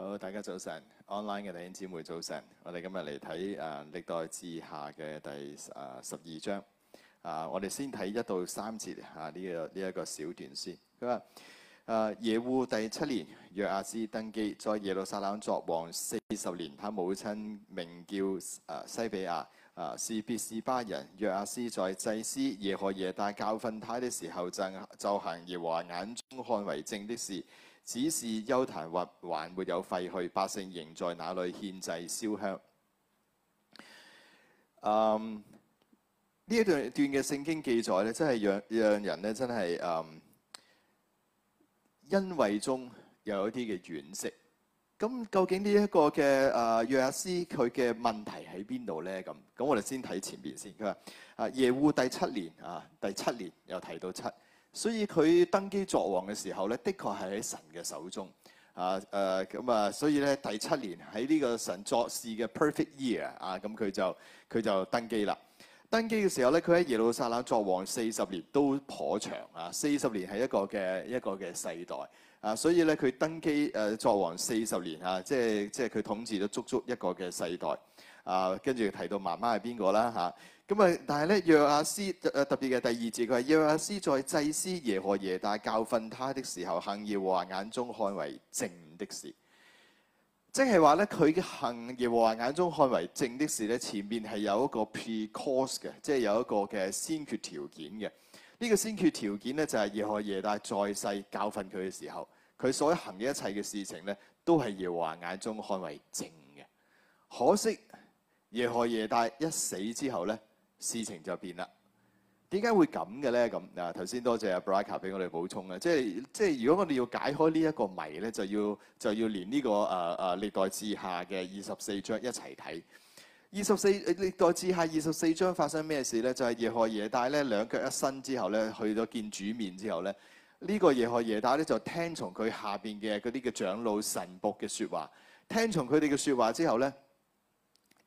好，大家早晨，online 嘅弟兄姊妹早晨。我哋今日嚟睇誒歷代志下嘅第誒十二章。啊，我哋先睇一到三節啊，呢、這個呢一、這個小段先。佢話誒耶戶第七年，約阿斯登基，在耶路撒冷作王四十年。他母親名叫誒、啊、西比亞，誒、啊，是別是巴人。約阿斯在祭司耶何耶大教訓他的時候，就就行耶和華眼中看為正的事。只是邱壇或還沒有廢去，百姓仍在那裏獻祭燒香。嗯、um，呢一段段嘅聖經記載咧，真係讓讓人咧真係嗯欣慰中又有一啲嘅惋惜。咁究竟呢一個嘅誒、啊、約阿斯佢嘅問題喺邊度咧？咁咁我哋先睇前面先。佢話啊耶戶第七年啊，第七年又提到七。所以佢登基作王嘅時候咧，的確係喺神嘅手中啊！誒咁啊，所以咧第七年喺呢個神作事嘅 perfect year 啊，咁佢就佢就登基啦。登基嘅時候咧，佢喺耶路撒冷作王四十年都頗長啊！四十年係一個嘅一個嘅世代啊，所以咧佢登基誒作王四十年啊，即係即係佢統治咗足足一個嘅世代啊。跟住提到媽媽係邊個啦？吓。咁啊！但係咧，約亞斯特誒、呃、特別嘅第二節，佢係約亞斯在祭司耶何耶大教訓他的時候，行耶和華眼中看為正的事，即係話咧，佢行耶和華眼中看為正的事咧，前面係有一個 precause 嘅，即係有一個嘅先決條件嘅。呢個先決條件咧、這個，就係、是、耶何耶大在世教訓佢嘅時候，佢所行嘅一切嘅事情咧，都係耶和華眼中看為正嘅。可惜耶何耶大一死之後咧。事情就變啦，點解會咁嘅咧？咁啊，頭先多謝阿 Bryca 俾我哋補充啊！即係即係，如果我哋要解開呢一個謎咧，就要就要連呢、這個誒誒、呃、歷代志下嘅二十四章一齊睇。二十四歷代志下二十四章發生咩事咧？就係、是、耶和華耶但耶何耶大咧兩腳一伸之後咧，去咗見主面之後咧，呢、這個耶何耶大咧就聽從佢下邊嘅嗰啲嘅長老神僕嘅説話，聽從佢哋嘅説話之後咧。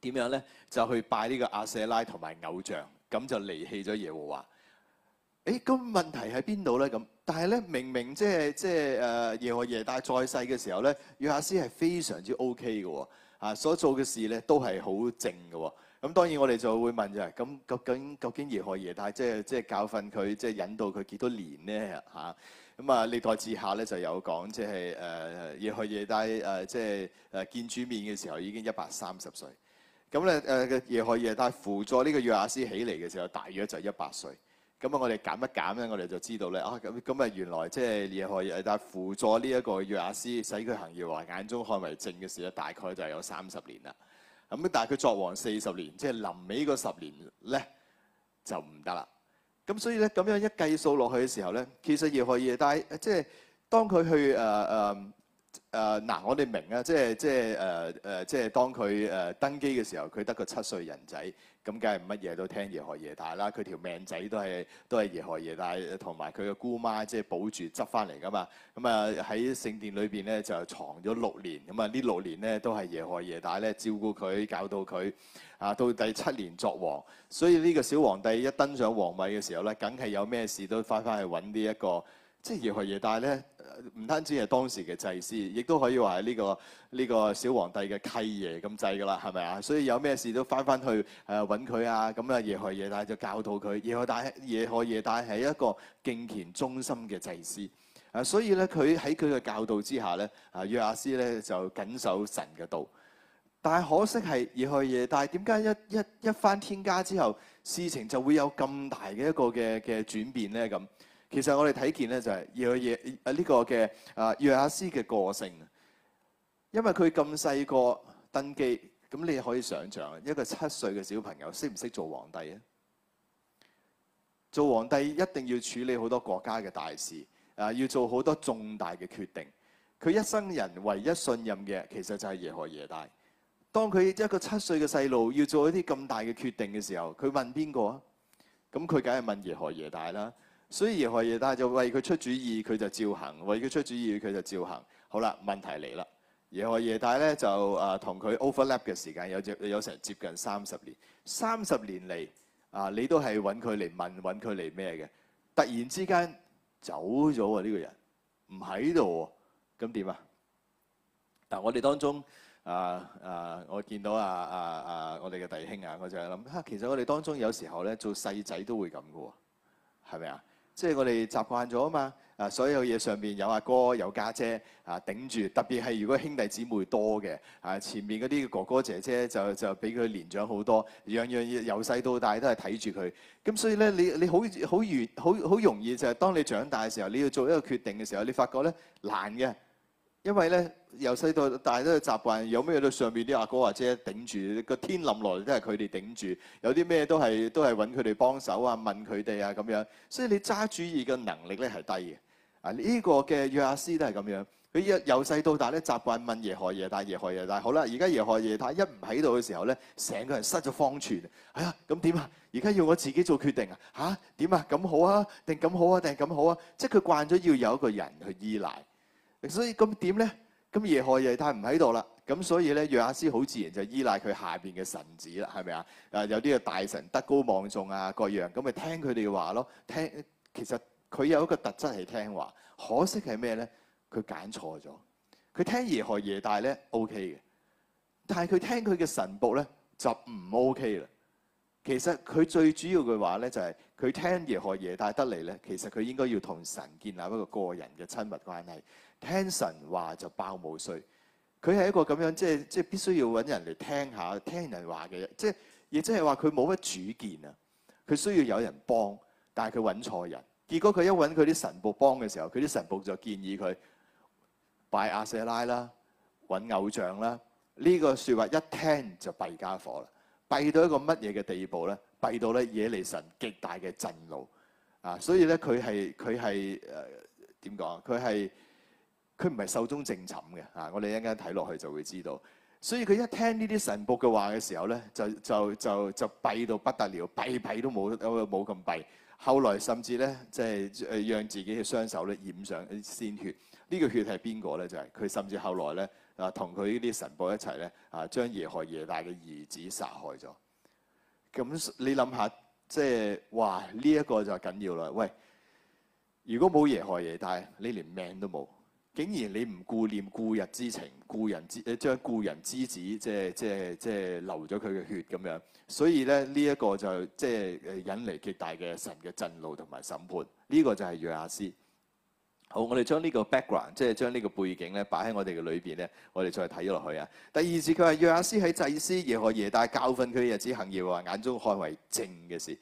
點樣咧？就去拜呢個阿舍拉同埋偶像，咁就離棄咗耶和華。誒，咁問題喺邊度咧？咁，但係咧，明明即係即係誒耶何耶大在世嘅時候咧，約阿斯係非常之 OK 嘅喎，所做嘅事咧都係好正嘅。咁當然我哋就會問就係，咁究竟究竟耶何耶大即係即係教訓佢，即係引導佢幾多年咧？嚇咁啊？歷代志下咧就有講，即係誒耶何耶大誒即係誒見主面嘅時候已經一百三十歲。咁咧，誒嘅耶和華帶輔助呢個約亞斯起嚟嘅時候，大約就係一百歲。咁啊，我哋減一減咧，我哋就知道咧，啊咁咁啊，原來即係耶和華帶輔助呢一個約亞斯，使佢行耶和華眼中看為正嘅時咧，大概就係有三十年啦。咁但係佢作王四十年，即係臨尾嗰十年咧就唔得啦。咁所以咧，咁樣一計數落去嘅時候咧，其實耶和華帶，即係當佢去誒誒。呃呃誒嗱、呃，我哋明啊，即係即係誒誒，即係、呃、當佢誒登基嘅時候，佢得個七歲人仔，咁梗係乜嘢都聽耶何耶大啦。佢條命仔都係都係耶何耶大，同埋佢嘅姑媽即係保住執翻嚟噶嘛。咁啊喺聖殿裏邊咧就藏咗六年，咁啊呢六年咧都係耶何耶大咧照顧佢，搞到佢啊到第七年作王，所以呢個小皇帝一登上皇位嘅時候咧，梗係有咩事都翻翻去搵呢一個。即係耶何耶大係咧，唔單止係當時嘅祭司，亦都可以話係呢個呢個小皇帝嘅契爺咁制㗎啦，係咪啊？所以有咩事都翻返去誒揾佢啊，咁啊耶何耶大就教導佢。耶何大耶何耶大係一個敬虔忠心嘅祭司啊，所以咧佢喺佢嘅教導之下咧啊，約阿施咧就謹守神嘅道，但係可惜係耶何耶大係點解一一一翻天家之後，事情就會有咁大嘅一個嘅嘅轉變咧咁？其實我哋睇見咧，就係耶何耶啊呢個嘅啊約阿斯嘅個性，因為佢咁細個登基，咁你可以想象一個七歲嘅小朋友識唔識做皇帝啊？做皇帝一定要處理好多國家嘅大事啊，要做好多重大嘅決定。佢一生人唯一信任嘅其實就係耶何耶大。當佢一個七歲嘅細路要做一啲咁大嘅決定嘅時候，佢問邊個啊？咁佢梗係問耶何耶大啦。所以耶何耶大就為佢出主意，佢就照行；為佢出主意，佢就照行。好啦，問題嚟啦。耶何耶大咧就啊同佢 overlap 嘅時間有隻有成接近三十年。三十年嚟啊，你都係揾佢嚟問揾佢嚟咩嘅。突然之間走咗啊！呢、這個人唔喺度，咁點啊？但我哋當中啊啊，我見到啊啊啊我哋嘅弟兄啊，我就係諗嚇。其實我哋當中有時候咧，做細仔都會咁嘅喎，係咪啊？即係我哋習慣咗啊嘛，啊所有嘢上面有阿哥有家姐，姐啊頂住，特別係如果兄弟姊妹多嘅啊，前面嗰啲哥哥姐姐就就比佢年長好多，樣樣由細到大都係睇住佢。咁所以咧，你你好好好好容易就係，當你長大嘅時候，你要做一個決定嘅時候，你發覺咧難嘅。因為咧，由細到大都習慣有咩到上面啲阿哥或者頂住，個天冧來都係佢哋頂住，有啲咩都係都係揾佢哋幫手啊、問佢哋啊咁樣。所以你揸主意嘅能力咧係低嘅。啊，呢個嘅約阿施都係咁樣，佢一由細到大咧習慣問耶何耶大耶何耶大。好啦，而家耶何耶大一唔喺度嘅時候咧，成個人失咗方寸。係、哎、啊，咁點啊？而家要我自己做決定啊？吓？點啊？咁、啊、好啊？定咁好啊？定係咁好啊？即係佢慣咗要有一個人去依賴。所以咁點咧？咁耶何耶大唔喺度啦，咁所以咧，約阿施好自然就依賴佢下邊嘅神子啦，係咪啊？誒，有啲啊大臣德高望重啊，各樣咁咪聽佢哋嘅話咯。聽，其實佢有一個特質係聽話，可惜係咩咧？佢揀錯咗。佢聽耶何耶大咧，O K 嘅，但係佢聽佢嘅神僕咧就唔 O K 啦。其實佢最主要嘅話咧就係、是、佢聽耶何耶大得嚟咧，其實佢應該要同神建立一個個人嘅親密關係。聽神話就爆冇碎，佢係一個咁樣，即係即係必須要揾人嚟聽下，聽人話嘅，即係亦即係話佢冇乜主見啊。佢需要有人幫，但係佢揾錯人，結果佢一揾佢啲神僕幫嘅時候，佢啲神僕就建議佢拜阿舍拉啦，揾偶像啦。呢、這個說話一聽就弊傢伙啦，弊到一個乜嘢嘅地步咧？弊到咧惹嚟神極大嘅震怒啊！所以咧，佢係佢係誒點講？佢、呃、係。佢唔係壽終正寢嘅啊！我哋一陣間睇落去就會知道。所以佢一聽呢啲神僕嘅話嘅時候咧，就就就就閉到不得了，閉閉都冇冇咁閉。後來甚至咧，即係讓自己嘅雙手咧染上啲鮮血。呢個血係邊個咧？就係佢。甚至後來咧啊，同佢呢啲神僕一齊咧啊，將耶何耶大嘅兒子殺害咗。咁你諗下，即係哇！呢一個就緊要啦。喂，如果冇耶何耶大，你連命都冇。竟然你唔顧念故日之情，故人，人之誒將故人之子，即係即係即係流咗佢嘅血咁樣，所以咧呢一個就即係引嚟極大嘅神嘅震怒同埋審判。呢、這個就係約亞斯。好，我哋將呢個 background，即係將呢個背景咧擺喺我哋嘅裏邊咧，我哋再睇咗落去啊。第二次，佢話約亞斯喺祭司耶何耶大教訓佢嘅日子行業，話眼中看為正嘅事。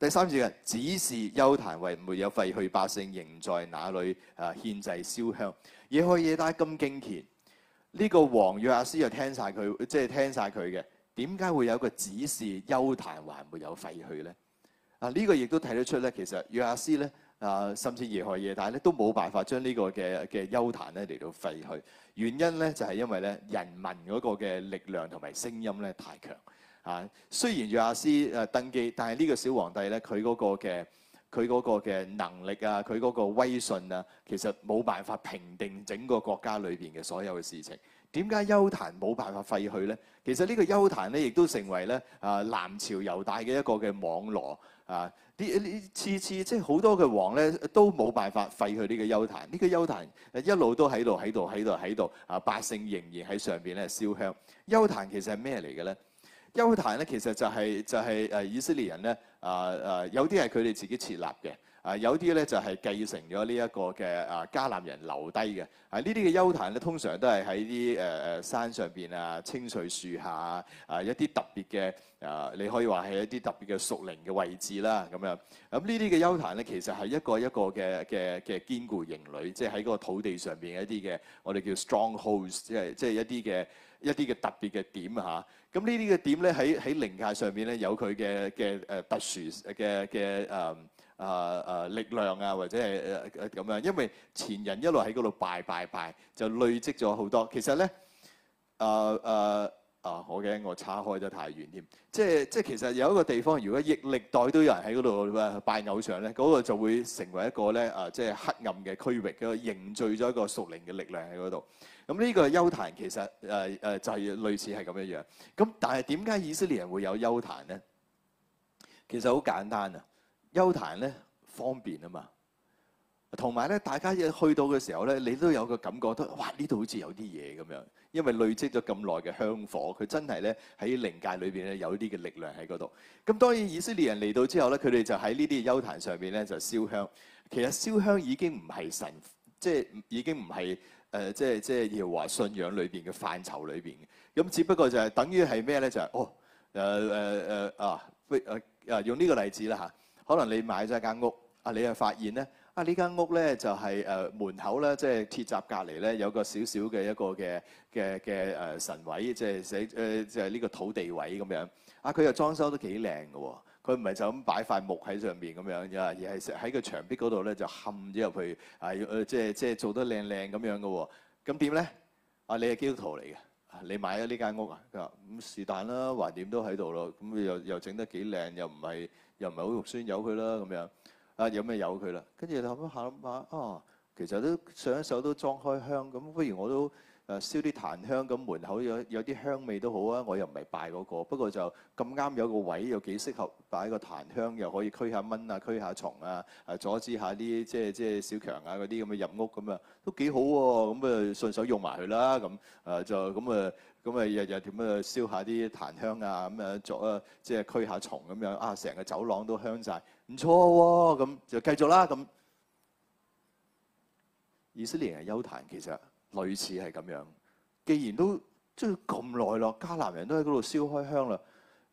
第三節嘅只是邱壇還沒有廢去，百姓仍在那裏啊，獻祭燒香，耶何耶大金經前，呢、這個王約阿斯又聽他就是、聽晒佢，即係聽晒佢嘅。點解會有個個只是邱壇還沒有廢去咧？啊，呢、這個亦都睇得出咧，其實約阿斯咧啊，甚至耶何耶大咧都冇辦法將呢個嘅嘅邱壇咧嚟到廢去。原因咧就係、是、因為咧人民嗰個嘅力量同埋聲音咧太強。啊、雖然約阿斯誒登基，但係呢個小皇帝咧，佢嗰個嘅佢嗰嘅能力啊，佢嗰個威信啊，其實冇辦法平定整個國家裏邊嘅所有嘅事情。點解邱壇冇辦法廢去咧？其實呢個邱壇咧，亦都成為咧啊南朝猶大嘅一個嘅網羅啊！呢呢次次即係好多嘅王咧，都冇辦法廢去呢這個邱壇。呢、啊、個邱壇、啊啊這個、一路都喺度喺度喺度喺度啊！百姓仍然喺上邊咧燒香。邱壇其實係咩嚟嘅咧？休太咧，其實就係、是、就係、是、誒以色列人咧，啊啊有啲係佢哋自己設立嘅。啊，有啲咧就係繼承咗呢一個嘅啊迦南人留低嘅啊，呢啲嘅丘壇咧通常都係喺啲誒誒山上邊啊，青翠樹下啊，一啲特別嘅啊，你可以話係一啲特別嘅屬靈嘅位置啦，咁樣。咁呢啲嘅丘壇咧，其實係一個一個嘅嘅嘅堅固營壘，即係喺嗰個土地上邊一啲嘅我哋叫 strongholds，即係即係一啲嘅一啲嘅特別嘅點嚇。咁呢啲嘅點咧喺喺靈界上面咧有佢嘅嘅誒特殊嘅嘅誒。誒誒力量啊，或者係誒誒咁樣，因為前人一路喺嗰度拜拜拜，就累積咗好多。其實咧，誒誒誒，我驚我叉開得太遠添。即係即係，其實有一個地方，如果歷歷代都有人喺嗰度咧拜偶像咧，嗰個就會成為一個咧誒，即係黑暗嘅區域，佢凝聚咗一個屬靈嘅力量喺嗰度。咁呢個邱壇其實誒誒就係類似係咁樣樣。咁但係點解以色列人會有邱壇咧？其實好簡單啊！邱壇咧方便啊嘛，同埋咧，大家一去到嘅時候咧，你都有個感覺，得哇！呢度好似有啲嘢咁樣，因為累積咗咁耐嘅香火，佢真係咧喺靈界裏邊咧有啲嘅力量喺嗰度。咁當然以色列人嚟到之後咧，佢哋就喺呢啲邱壇上邊咧就燒香。其實燒香已經唔係神，即係已經唔係誒，即係即係要話信仰裏邊嘅範疇裏邊嘅。咁只不過就係、是、等於係咩咧？就係、是、哦誒誒誒啊！誒、啊、誒、啊、用呢個例子啦嚇。啊。可能你買咗一間屋，就啊，你又發現咧啊，呢間屋咧就係、是、誒、呃、門口咧，即係鐵閘隔離咧，有個少少嘅一個嘅嘅嘅誒神位，即係寫誒，即係呢個土地位咁樣啊。佢又裝修得幾靚嘅喎，佢唔係就咁擺塊木喺上邊咁樣，而係喺個牆壁嗰度咧就嵌咗入去啊，誒、呃，即係即係做得靚靚咁樣嘅喎。咁點咧？啊，你係基督徒嚟嘅。你買咗呢間屋啊？佢話：咁是但啦，橫掂都喺度咯。咁又又整得幾靚，又唔係又唔係好肉酸，由佢啦咁樣。啊，有咩由佢啦？跟住諗一諗下諗下，啊，其實都上一手都裝開香，咁不如我都。誒燒啲檀香，咁門口有有啲香味都好啊！我又唔係拜嗰個，不過就咁啱有個位，又幾適合擺個檀香，又可以驅下蚊啊，驅下蟲啊，誒阻止下啲即係即係小強啊嗰啲咁嘅入屋咁啊，都幾好喎！咁啊順手用埋佢啦咁，誒就咁啊咁啊日日點樣燒下啲檀香啊咁啊作啊即係驅下蟲咁樣啊，成個走廊都香晒。唔錯喎！咁就繼續啦咁。以色列人休檀其實。類似係咁樣，既然都即係咁耐咯，迦南人都喺嗰度燒開香啦。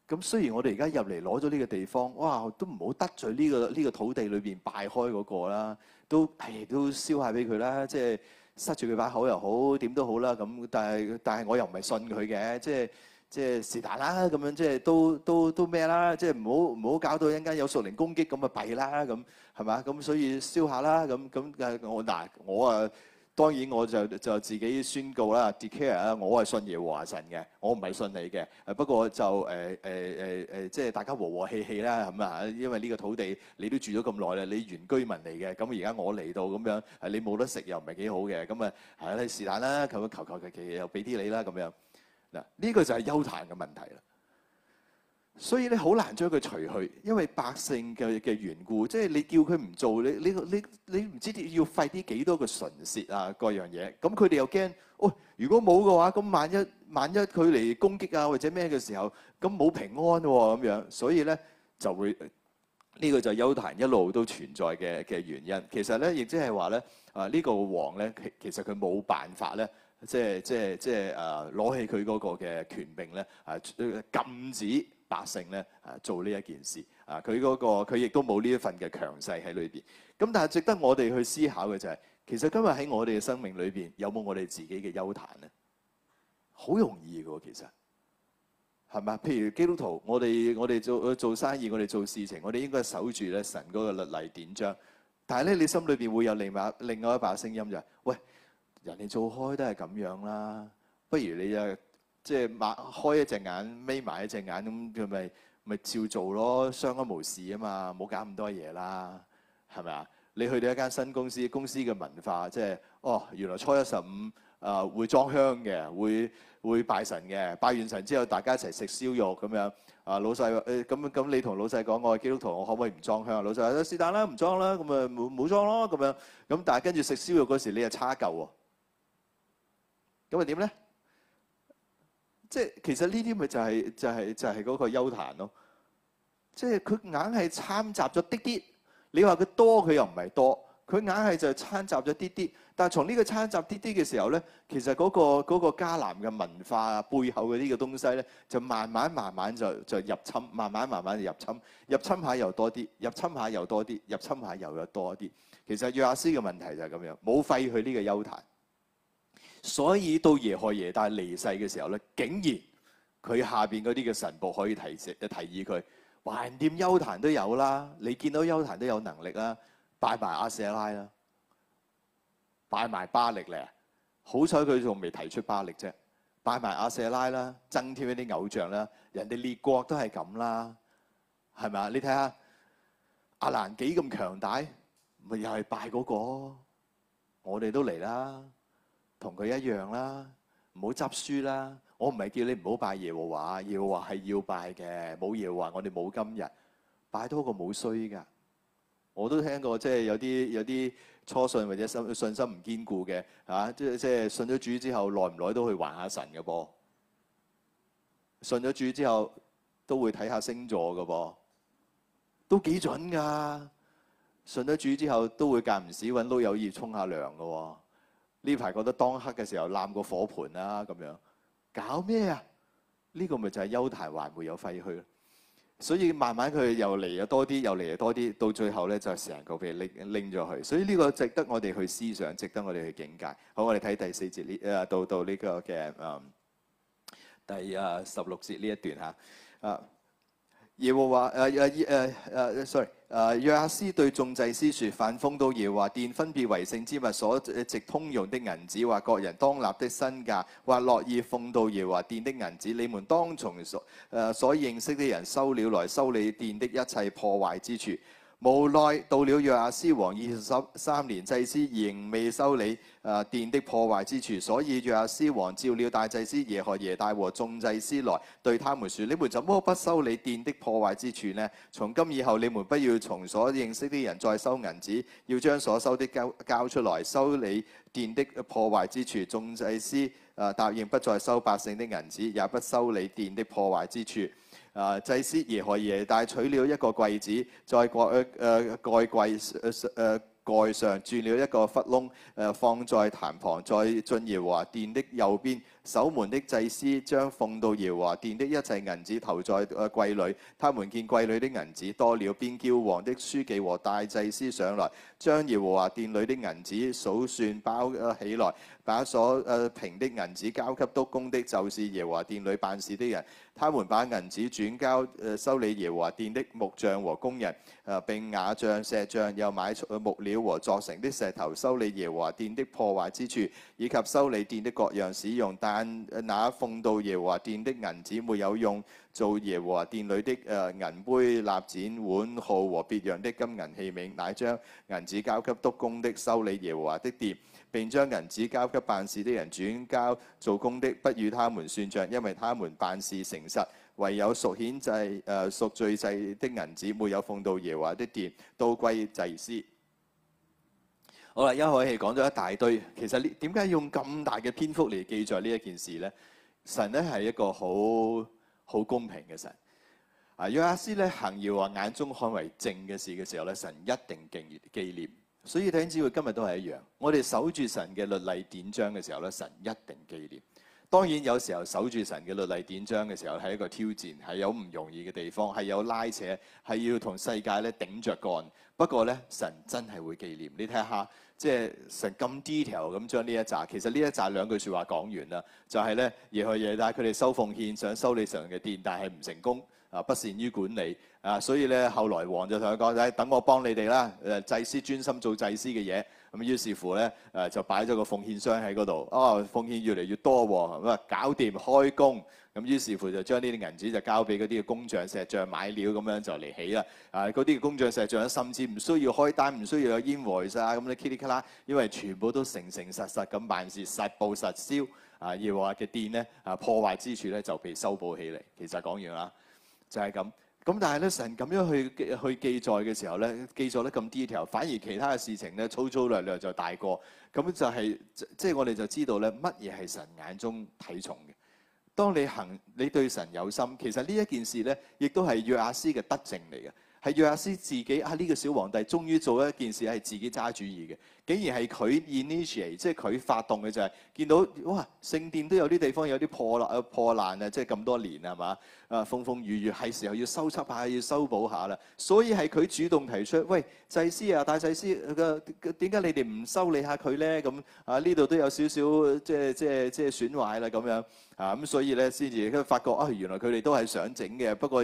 咁雖然我哋而家入嚟攞咗呢個地方，哇，都唔好得罪呢個呢個土地裏邊拜開嗰個啦，都係都燒下俾佢啦，即係塞住佢把口又好，點都好啦。咁但係但係我又唔係信佢嘅，即係即是但啦咁樣即都都都，即係都都都咩啦？即係唔好唔好搞到一陣間有熟靈攻擊咁啊弊啦咁，係嘛？咁所以燒下啦，咁咁誒我嗱我啊。我當然我就就自己宣告啦，declare 啦，De care，我係信耶和華神嘅，我唔係信你嘅。誒不過就誒誒誒誒，即係大家和和氣氣啦，咁啊，因為呢個土地你都住咗咁耐啦，你原居民嚟嘅，咁而家我嚟到咁樣，誒你冇得食又唔係幾好嘅，咁啊係咧是但啦，咁求求其其又俾啲你啦，咁樣嗱，呢、這個就係邱壇嘅問題啦。所以咧好難將佢除去，因為百姓嘅嘅緣故，即係你叫佢唔做，你你你你唔知要費啲幾多嘅唇舌啊，各樣嘢。咁佢哋又驚，喂、哦，如果冇嘅話，咁萬一萬一佢嚟攻擊啊或者咩嘅時候，咁冇平安喎、啊、咁樣，所以咧就會呢、這個就係邱壇一路都存在嘅嘅原因。其實咧亦即係話咧，啊呢、這個王咧，其實佢冇辦法咧，即係即係即係誒攞起佢嗰個嘅權柄咧、啊，禁止。百姓咧，誒做呢一件事，啊佢嗰個佢亦都冇呢一份嘅強勢喺裏邊。咁但係值得我哋去思考嘅就係，其實今日喺我哋嘅生命裏邊，有冇我哋自己嘅幽談咧？好容易嘅喎，其實係咪啊？譬如基督徒，我哋我哋做做生意，我哋做事情，我哋應該守住咧神嗰個律例典章。但係咧，你心裏邊會有另外另外一把聲音就係：喂，人哋做開都係咁樣啦，不如你啊？即係擘開一隻眼，眯埋一隻眼咁，佢咪咪照做咯，相安無事啊嘛，冇搞咁多嘢啦，係咪啊？你去到一間新公司，公司嘅文化即係哦，原來初一十五啊、呃、會裝香嘅，會會拜神嘅，拜完神之後大家一齊食燒肉咁樣啊，老細誒咁咁，欸、你同老細講我係基督徒，我可唔可以唔裝香？老細話是但啦，唔裝啦，咁啊冇冇裝咯咁樣咁，但係跟住食燒肉嗰時你又差一嚿喎，咁係點咧？即係其實呢啲咪就係就係就係嗰個邱壇咯，即係佢硬係摻雜咗啲啲，你話佢多佢又唔係多，佢硬係就係摻雜咗啲啲。但係從呢個摻雜啲啲嘅時候咧，其實嗰個迦南嘅文化啊，背後嘅呢個東西咧，就慢慢慢慢就就入侵，慢慢慢慢就入侵，入侵下又多啲，入侵下又多啲，入侵下又又多啲。其實約阿施嘅問題就係咁樣，冇廢去呢個邱壇。所以到耶何耶大係離世嘅時候咧，竟然佢下面嗰啲嘅神僕可以提嘅提議佢，橫掂邱壇都有啦，你見到邱壇都有能力啦，拜埋阿舍拉啦，拜埋巴力咧，好彩佢仲未提出巴力啫，拜埋阿舍拉啦，增添一啲偶像啦，人哋列國都係咁啦，係咪啊？你睇下亞蘭幾咁強大，咪又係拜嗰、那個，我哋都嚟啦。同佢一樣啦，唔好執輸啦。我唔係叫你唔好拜耶和華，耶和華係要拜嘅。冇耶和華，我哋冇今日。拜多個冇衰噶。我都聽過，即係有啲有啲初信或者信信心唔堅固嘅嚇，即係即係信咗主之後，耐唔耐都會去還下神嘅噃。信咗主之後，都會睇下星座嘅噃，都幾準噶。信咗主之後，都會間唔時揾碌柚葉沖下涼嘅喎。呢排覺得當黑嘅時候攬個火盆啦，咁樣搞咩啊？呢、這個咪就係猶大還會有廢墟，所以慢慢佢又嚟咗多啲，又嚟咗多啲，到最後咧就係成個被拎拎咗去。所以呢個值得我哋去思想，值得我哋去警戒。好，我哋睇第四節呢啊，uh, 到到呢、這個嘅誒、um, 第啊十六節呢一段嚇啊、uh, 耶和華誒誒誒誒，sorry。若、啊、約斯對眾祭司説：「凡奉到耶和華殿分別為聖之物所值通用的銀子，或各人當納的身價，或樂意奉到耶和華殿的銀子，你們當從誒所、呃、所認識的人收了來，修理殿的一切破壞之處。」無奈到了約阿斯王二十三年，祭司仍未修理誒殿的破壞之處，所以約阿斯王召了大祭司耶何耶大和眾祭司來對他們說：你們怎麼不修理殿的破壞之處呢？從今以後，你們不要從所認識的人再收銀子，要將所收的交交出來修理殿的破壞之處。眾祭司誒答應不再收百姓的銀子，也不修理殿的破壞之處。啊！祭司耶何耶大取了一個櫃子，在蓋、呃蓋櫃呃、蓋上，鑽了一個窟窿，呃、放在壇旁，在進耶和華殿的右邊。守門的祭司將奉到耶和華殿的一切銀子投在誒櫃裏，他們見櫃裏的銀子多了，便叫王的書記和大祭司上來，將耶和華殿裏的銀子數算包起來，把所誒平的銀子交給督工的，就是耶和華殿裏辦事的人。他們把銀子轉交誒修理耶和華殿的木匠和工人，誒並瓦匠、石匠，又買木料和做成的石頭，修理耶和華殿的破壞之處，以及修理殿的各樣使用，但那奉到耶和華殿的銀子沒有用做耶和華殿裏的誒銀杯、蠟盞、碗、號和別樣的金銀器皿，乃將銀子交給督工的修理耶和華的殿，並將銀子交給辦事的人轉交做工的，不與他們算賬，因為他們辦事誠實。唯有贖愆祭、誒贖罪祭的銀子沒有奉到耶和華的殿，都歸祭司。好啦，一口氣講咗一大堆。其實呢，點解用咁大嘅篇幅嚟記載呢一件事呢？神咧係一個好好公平嘅神。啊，約阿施咧行耶和華，眼中看為正嘅事嘅時候咧，神一定敬念紀念。所以弟兄姊妹今日都係一樣，我哋守住神嘅律例典章嘅時候咧，神一定紀念。當然有時候守住神嘅律例典章嘅時候係一個挑戰，係有唔容易嘅地方，係有拉扯，係要同世界咧頂着幹。不過咧，神真係會紀念。你睇下。即係成咁 detail 咁將呢一集，其實呢一集兩句說話講完啦，就係咧而去嘢，但係佢哋收奉獻，想修理成嘅殿，但係唔成功，啊，不善於管理啊，所以咧後來王就同佢講：等我幫你哋啦，誒祭司專心做祭司嘅嘢。咁於是乎咧，誒就擺咗個奉獻箱喺嗰度。奉獻越嚟越多喎。啊，搞掂開工。咁於是乎就將呢啲銀紙就交俾嗰啲嘅工匠石匠買料這，咁樣就嚟起啦。啊，嗰啲嘅工匠石匠甚至唔需要開單，唔需要有 invoice 啊。咁你 k i l i 因為全部都誠誠實實咁辦事，實報實銷。啊，耶和華嘅殿咧，啊破壞之處咧就被修補起嚟。其實講完啦，就係、是、咁。咁但係咧，神咁樣去去記載嘅時候咧，記載得咁 detail，反而其他嘅事情咧，粗粗略略就大過。咁就係即係我哋就知道咧，乜嘢係神眼中睇重嘅。當你行，你對神有心，其實呢一件事咧，亦都係約阿斯嘅德政嚟嘅。係約阿斯自己啊！呢、這個小皇帝終於做咗一件事係自己揸主意嘅，竟然係佢 initiate，即係佢發動嘅就係、是、見到哇聖殿都有啲地方有啲破爛啊破爛啊！即係咁多年係嘛啊，風風雨雨係時候要修葺下要修補下啦，所以係佢主動提出喂，祭司啊大祭司個，點解你哋唔修理下佢咧？咁啊呢度都有少少即係即係即係損壞啦咁樣啊，咁所以咧先至跟發覺啊，原來佢哋都係想整嘅，不過。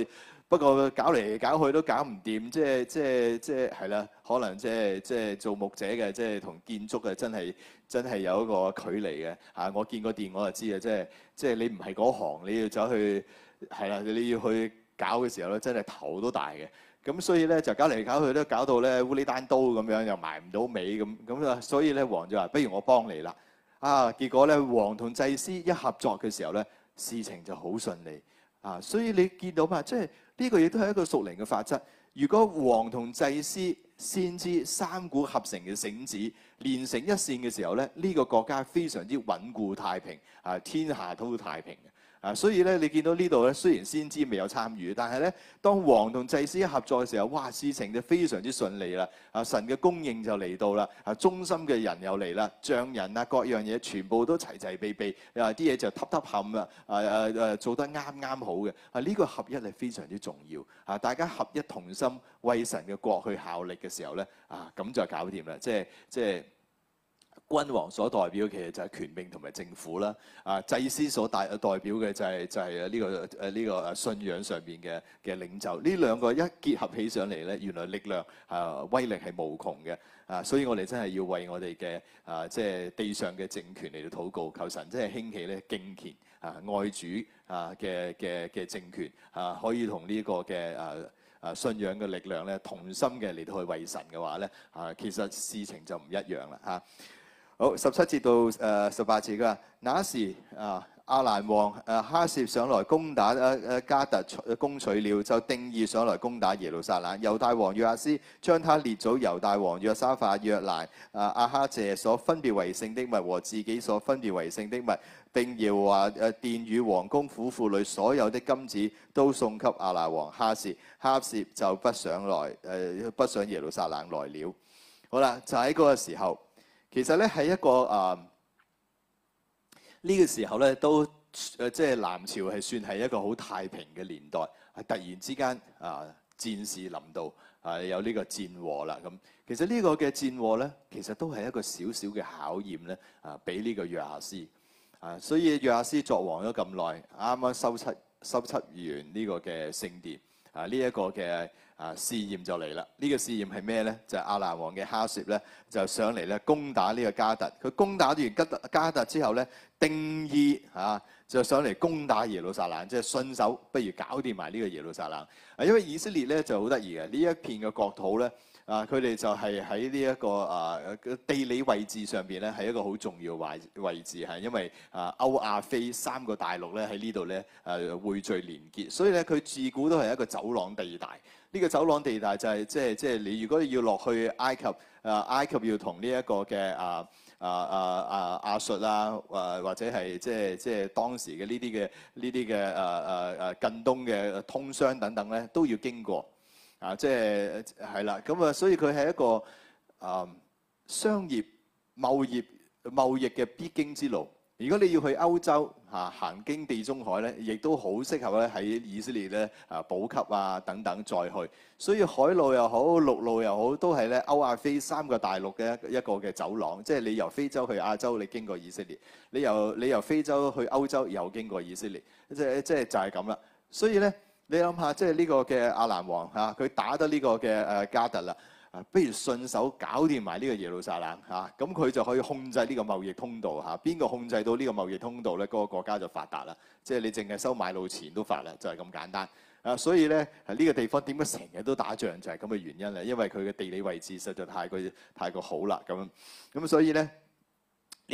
不過搞嚟搞去都搞唔掂，即係即係即係係啦。可能即係即係做牧者嘅，即係同建築嘅真係真係有一個距離嘅嚇。我見過電，我就知啊。即係即係你唔係嗰行，你要走去係啦，你要去搞嘅時候咧，真係頭都大嘅。咁所以咧就搞嚟搞去都搞到咧烏哩單刀咁樣，又埋唔到尾咁咁啊。所以咧王就話：不如我幫你啦啊！結果咧王同祭司一合作嘅時候咧，事情就好順利啊。所以你見到嘛，即係。呢個亦都係一個屬靈嘅法則，如果王同祭司、先知三股合成嘅繩子，連成一線嘅時候咧，呢、這個、國家非常之穩固太平，啊天下都太平嘅。啊，所以咧，你見到呢度咧，雖然先知未有參與，但係咧，當王同祭司合作嘅時候，哇，事情就非常之順利啦！啊，神嘅供應就嚟到啦，啊，忠心嘅人又嚟啦，匠人啊，各樣嘢全部都齊齊備備，啊，啲嘢就揼揼冚啊，啊啊啊，做得啱啱好嘅，啊，呢個合一係非常之重要，啊，大家合一同心為神嘅國去效力嘅時候咧，啊，咁就搞掂啦，即係即係。即係君王所代表其實就係權柄同埋政府啦，啊，祭司所代、代表嘅就係、就係、呢個、呢個信仰上邊嘅嘅領袖。呢兩個一結合起上嚟咧，原來力量啊威力係無窮嘅啊，所以我哋真係要為我哋嘅啊即係地上嘅政權嚟到禱告，求神即係興起咧敬虔啊愛主啊嘅嘅嘅政權啊，可以同呢個嘅啊啊信仰嘅力量咧同心嘅嚟到去為神嘅話咧啊，其實事情就唔一樣啦嚇。啊好，十七節到誒、呃、十八節噶，那時啊，亞蘭王誒、啊、哈薛上來攻打誒誒、啊啊、加特攻取了，就定意上來攻打耶路撒冷。猶大王約阿斯將他列祖，猶大王約沙法、約蘭、啊阿哈謝所分別為聖的物和自己所分別為聖的物，並要話誒殿與王宮府庫裏所有的金子都送給亞蘭王哈薛，哈薛就不想來誒、呃、不想耶路撒冷來了。好啦，就喺嗰個時候。其實咧喺一個啊，呢、這個時候咧都誒即係南朝係算係一個好太平嘅年代，係突然之間啊戰事臨到啊有呢個戰禍啦咁。其實呢個嘅戰禍咧，其實都係一個小小嘅考驗咧啊，俾呢個約亞斯啊，所以約亞斯作王咗咁耐，啱啱修葺修葺完呢個嘅聖殿啊，呢、這、一個嘅。啊！試驗就嚟啦！呢、這個試驗係咩咧？就係、是、亞蘭王嘅哈薛咧，就上嚟咧攻打呢個迦特。佢攻打完迦特迦特之後咧，定意啊就上嚟攻打耶路撒冷，即、就、係、是、順手不如搞掂埋呢個耶路撒冷。啊，因為以色列咧就好得意嘅呢一片嘅國土咧啊，佢哋就係喺呢一個啊地理位置上邊咧係一個好重要嘅位位置係，因為啊歐亞非三個大陸咧喺呢度咧誒匯聚連結，所以咧佢自古都係一個走廊地帶。呢個走廊地帶就係即係即係你，如果要落去埃及，啊埃及要同呢一個嘅啊啊啊啊亞述啊，啊，或或者係即係即係當時嘅呢啲嘅呢啲嘅啊啊啊近東嘅通商等等咧，都要經過啊，即係係啦，咁啊，所以佢係一個啊商業貿業貿易嘅必經之路。如果你要去歐洲，啊，行經地中海咧，亦都好適合咧喺以色列咧啊補給啊等等再去，所以海路又好，陸路又好，都係咧歐亞非三個大陸嘅一一個嘅走廊，即係你由非洲去亞洲，你經過以色列；你由你由非洲去歐洲，又經過以色列，即即係就係咁啦。所以咧，你諗下，即係呢個嘅亞蘭王嚇，佢打得呢個嘅誒迦特啦。不如順手搞掂埋呢個耶路撒冷嚇，咁佢就可以控制呢個貿易通道嚇。邊個控制到呢個貿易通道咧？嗰個國家就發達啦。即係你淨係收買路錢都發啦，就係咁簡單。啊，所以咧，呢個地方點解成日都打仗？就係咁嘅原因啦。因為佢嘅地理位置實在太過太過好啦。咁咁所以咧。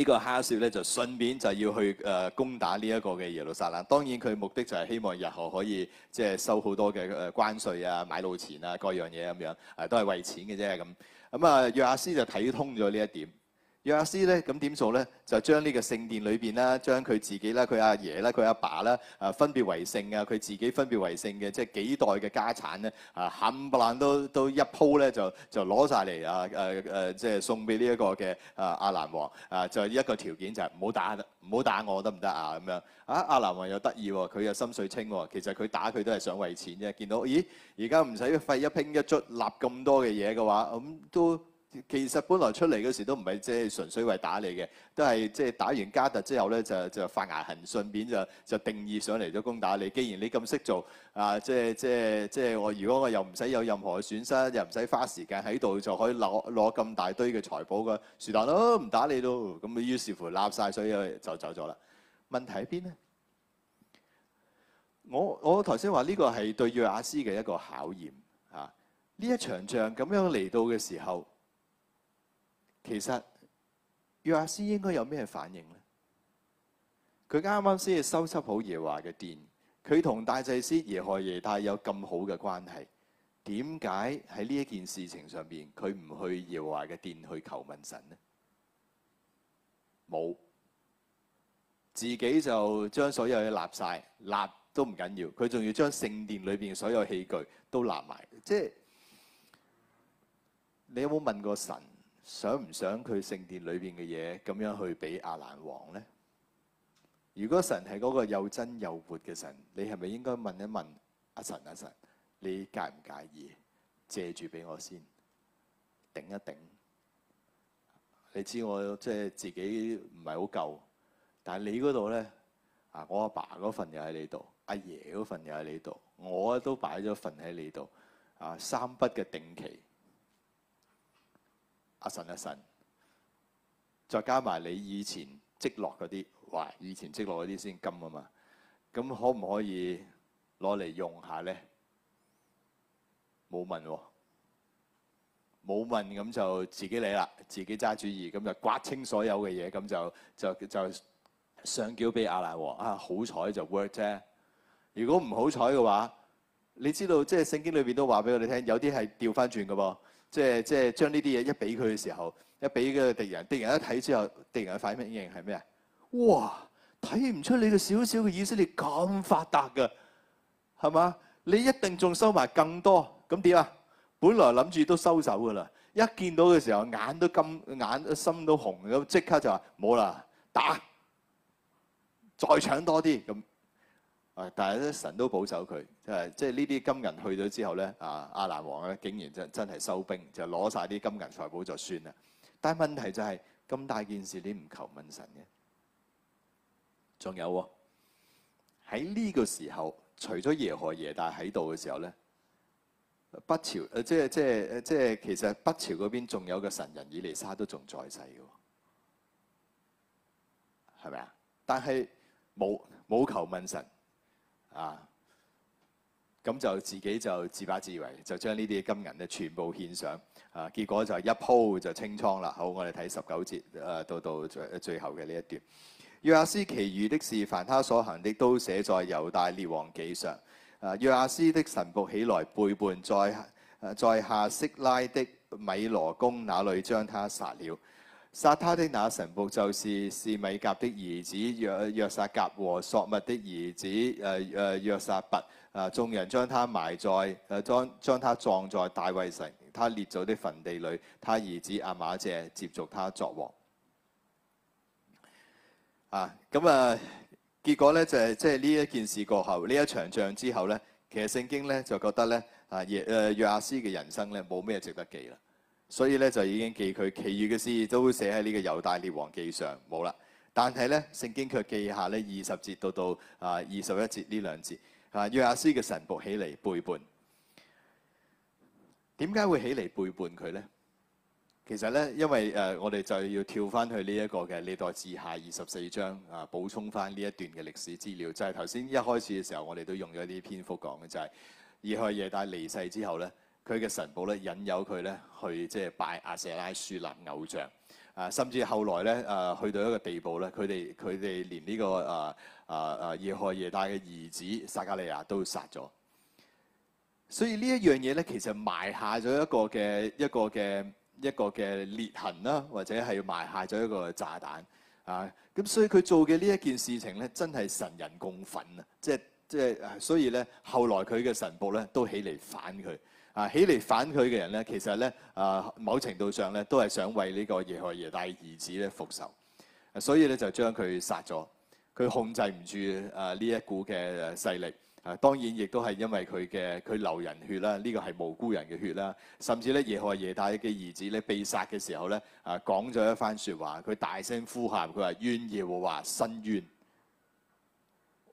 這個哈呢個哈薛咧，就順便就要去誒、呃、攻打呢一個嘅耶路撒冷，當然佢目的就係希望日後可以即係、就是、收好多嘅誒關稅啊、買路錢啊、各樣嘢咁樣，誒、呃、都係為錢嘅啫咁。咁啊約阿斯就睇通咗呢一點。約阿施咧，咁點做咧？就將呢個聖殿裏邊啦，將佢自己咧、佢阿爺咧、佢阿爸咧，啊分別為聖啊，佢自己分別為聖嘅，即係幾代嘅家產咧，啊冚唪唥都都一鋪咧，就就攞晒嚟啊誒誒，即係送俾呢一個嘅阿阿蘭王啊，就呢一個條件就係唔好打唔好打我得唔得啊？咁樣啊，阿蘭王又得意喎，佢又心水清喎，其實佢打佢都係想為錢啫。見到咦，而家唔使費一拼一卒立咁多嘅嘢嘅話，咁都。其實本來出嚟嗰時都唔係即係純粹為打你嘅，都係即係打完加特之後咧，就就發牙痕，順便就就定義上嚟咗攻打你。既然你咁識做啊，即係即係即係我，如果我又唔使有任何嘅損失，又唔使花時間喺度，就可以攞攞咁大堆嘅財寶嘅樹大都唔打你咯。咁於是乎鬧晒，所以就走咗啦。問題喺邊呢？我我頭先話呢個係對約阿施嘅一個考驗啊！呢一場仗咁樣嚟到嘅時候。其實約阿施應該有咩反應呢？佢啱啱先係修葺好耶和華嘅殿，佢同大祭司耶何耶大有咁好嘅關係，點解喺呢一件事情上邊佢唔去耶和華嘅殿去求問神呢？冇，自己就將所有嘢立晒，立都唔緊要，佢仲要將聖殿裏邊所有器具都立埋，即係你有冇問過神？想唔想佢聖殿裏邊嘅嘢咁樣去俾亞蘭王呢？如果神係嗰個又真又活嘅神，你係咪應該問一問阿、啊、神阿、啊、神，你介唔介意借住俾我先頂一頂？你知道我即係自己唔係好夠，但係你嗰度呢，啊，我阿爸嗰份又喺你度，阿爺嗰份又喺你度，我都擺咗份喺你度啊，三筆嘅定期。阿神阿神，再加埋你以前積落嗰啲，哇！以前積落嗰啲先金啊嘛，咁可唔可以攞嚟用下咧？冇問喎，冇問咁就自己嚟啦，自己揸主意，咁就刮清所有嘅嘢，咁就就就上繳俾亞蘭王。啊，好彩就 work 啫，如果唔好彩嘅話，你知道即係聖經裏邊都話俾我哋聽，有啲係調翻轉㗎噃。即係即係將呢啲嘢一俾佢嘅時候，一俾佢個敵人，敵人一睇之後，敵人嘅反應係咩啊？哇！睇唔出你個小小嘅以色列咁發達嘅係嘛？你一定仲收埋更多咁點啊？本來諗住都收手嘅啦，一見到嘅時候眼都咁，眼心都紅咁，即刻就話冇啦，打再搶多啲咁。但係咧，神都保守佢，即係即係呢啲金銀去咗之後咧，啊，亞蘭王咧竟然真真係收兵，就攞晒啲金銀財寶就算啦。但係問題就係、是、咁大件事，你唔求問神嘅？仲有喎，喺呢個時候，除咗耶何耶大喺度嘅時候咧，北朝即係即係即係其實北朝嗰邊仲有個神人以利沙都仲在世嘅，係咪啊？但係冇冇求問神。啊！咁就自己就自把自為，就將呢啲金銀咧全部獻上啊。結果就一鋪就清倉啦。好，我哋睇十九節誒到到最最後嘅呢一段。 約阿斯其餘的事，凡他所行的，都寫在猶大列王記上。誒、啊，約阿斯的臣僕起來背叛在、啊，在在下色拉的米羅宮那裏將他殺了。殺他的那臣僕，就是示米甲的兒子約約撒甲和索麥的兒子誒誒約撒拔啊，眾人將他埋在將將、啊、他葬在大衛城他列祖的墳地裏，他兒子阿瑪謝接續他作王啊，咁啊，結果咧就係即係呢一件事過後呢一場仗之後咧，其實聖經咧就覺得咧啊耶誒、呃、約阿斯嘅人生咧冇咩值得記啦。所以咧就已經記佢，其餘嘅詩都寫喺呢個《猶大列王記》上冇啦。但係咧聖經卻記下咧二十節到到啊二十一節呢兩節啊，約阿斯嘅神僕起嚟背叛。點解會起嚟背叛佢咧？其實咧因為誒、呃、我哋就要跳翻去呢一個嘅《歷代志》下二十四章啊，補充翻呢一段嘅歷史資料，就係頭先一開始嘅時候我哋都用咗啲篇幅講嘅，就係、是、耶何耶大離世之後咧。佢嘅臣僕咧引誘佢咧去即係拜亞舍拉、樹立偶像啊，甚至後來咧啊，去到一個地步咧，佢哋佢哋連呢、這個啊啊啊耶何耶大嘅兒子撒迦利亞都殺咗、啊。所以呢一樣嘢咧，其實埋下咗一個嘅一個嘅一個嘅裂痕啦，或者係埋下咗一個炸彈啊。咁所以佢做嘅呢一件事情咧，真係神人共憤啊！即即係所以咧，後來佢嘅臣僕咧都起嚟反佢。啊，起嚟反佢嘅人咧，其實咧，啊、呃，某程度上咧，都係想為呢個耶何耶大嘅兒子咧復仇，所以咧就將佢殺咗。佢控制唔住啊呢、呃、一股嘅勢力，啊、呃、當然亦都係因為佢嘅佢流人血啦，呢、這個係無辜人嘅血啦。甚至咧，耶何耶大嘅兒子咧被殺嘅時候咧，啊講咗一番説話，佢大聲呼喊，佢話冤耶和華，伸冤！